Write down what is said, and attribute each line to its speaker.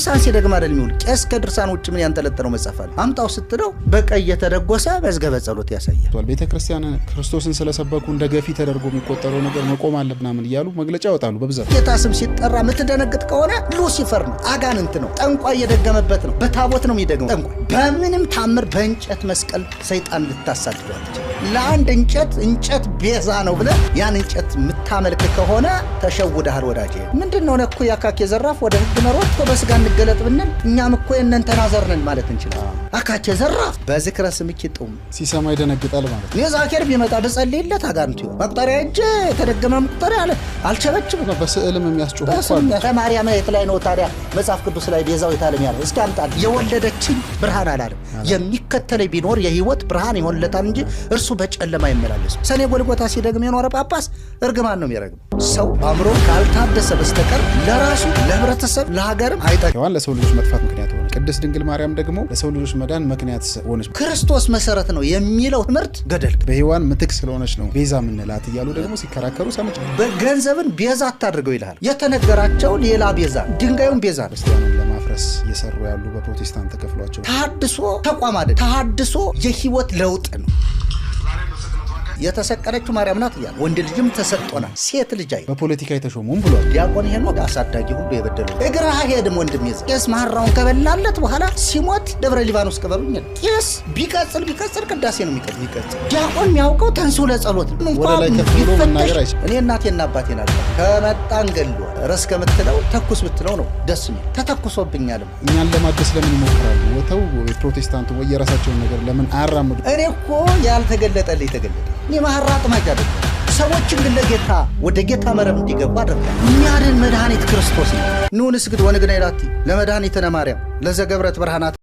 Speaker 1: ድርሳን ሲደግም አይደል የሚውል ቄስ ከድርሳን ውጭ ምን ያንጠለጠለው መጽሐፍ አለ? አምጣው ስትለው በቀይ የተደጎሰ መዝገበ ጸሎት ያሳያል።
Speaker 2: ቤተ ክርስቲያን ክርስቶስን ስለሰበኩ እንደ ገፊ ተደርጎ የሚቆጠረው ነገር መቆም አለ ምናምን እያሉ መግለጫ ያወጣሉ። በብዛት
Speaker 1: ጌታ ስም ሲጠራ የምትደነግጥ ከሆነ ሉሲፈር ነው፣ አጋንንት ነው፣ ጠንቋ እየደገመበት ነው። በታቦት ነው የሚደግመው ጠንቋ። በምንም ታምር በእንጨት መስቀል ሰይጣን ልታሳድደዋለች። ለአንድ እንጨት እንጨት ቤዛ ነው ብለ ያን እንጨት የምታመልክ ከሆነ ተሸውደሃል ወዳጄ። ምንድን ነው ነኩ የአካኬ ዘራፍ ወደ ህግ መሮት በስጋ እንገለጥ ብንል እኛም እኮ የእነንተና ዘር ማለት እንችላለን። አካኬ ዘራፍ በዝክረ ስምኪ ጥሙ
Speaker 2: ሲሰማ ይደነግጣል ማለት
Speaker 1: ነው። የዛኬር ቢመጣ ልጸልይለት አጋንቱ መቁጠሪያ እጄ የተደገመ መቁጠሪያ አለ አልቸበችም።
Speaker 2: በስዕልም የሚያስጩ
Speaker 1: ከማርያም የት ላይ ነው ታዲያ መጽሐፍ ቅዱስ ላይ ቤዛው የታለም ያለ እስኪ አምጣል። የወለደችኝ ብርሃን አላለም። የሚከተለኝ ቢኖር የህይወት ብርሃን ይሆንለታል እንጂ እርሱ በጨለማ ይመላለሱ። ሰኔ ጎልጎታ ሲደግም የኖረ ጳጳስ እርግማን ነው የሚያደርገው። ሰው አእምሮ ካልታደሰ በስተቀር ለራሱ ለህብረተሰብ፣ ለሀገርም አይጠቅም። ሔዋን ለሰው ልጆች መጥፋት ምክንያት ሆነ፣ ቅድስት ድንግል ማርያም ደግሞ ለሰው ልጆች መዳን ምክንያት ሆነች። ክርስቶስ መሰረት ነው የሚለው ትምህርት ገደል።
Speaker 2: በሔዋን ምትክ ስለሆነች ነው ቤዛ ምንላት እያሉ ደግሞ ሲከራከሩ ሰምቼ
Speaker 1: በገንዘብን ቤዛ አታድርገው ይልሃል። የተነገራቸው ሌላ ቤዛ፣ ድንጋዩን ቤዛ
Speaker 2: ለማፍረስ እየሰሩ ያሉ በፕሮቴስታንት ተከፍሏቸው።
Speaker 1: ተሃድሶ ተቋም አይደል፣ ተሃድሶ የህይወት ለውጥ ነው። የተሰቀለችው ማርያም ናት እያለ ወንድ ልጅም ተሰጥቶናል፣ ሴት ልጅ አይ
Speaker 2: በፖለቲካ የተሾሙም ብሏል።
Speaker 1: ዲያቆን ሄኖክ አሳዳጊ ሁሉ የበደሉ እግርህ ሄድም ወንድም ይዝ ቄስ መሐራውን ከበላለት በኋላ ሲሞት ደብረ ሊባኖስ ቅበሩኝ። ቄስ ቢቀጽል ቢቀጽል ቅዳሴ ነው የሚቀጽል። ቢቀጽል ዲያቆን የሚያውቀው ተንሥኡ ለጸሎት
Speaker 2: ቢፈተሽ
Speaker 1: እኔ እናቴና አባቴ ናቸው ከመጣን ገሎ ረስ ከምትለው ተኩስ ብትለው ነው ደስ ሚል ተተኩሶብኛልም።
Speaker 2: እኛን ለማደስ ለምን ይሞክራሉ? ወተው ፕሮቴስታንቱ የራሳቸውን ነገር ለምን አያራምዱ?
Speaker 1: እኔ እኮ ያልተገለጠልኝ ተገለጠ። የማህራጥ ማይቀር ሰዎችን ግን ለጌታ ወደ ጌታ መረብ እንዲገቡ አድርጋል። የሚያድን መድኃኒት ክርስቶስ ነው። ኑ ንስግድ ወንግና ይላቲ ለመድኃኒትነ ማርያም ለዘገብረት ብርሃናት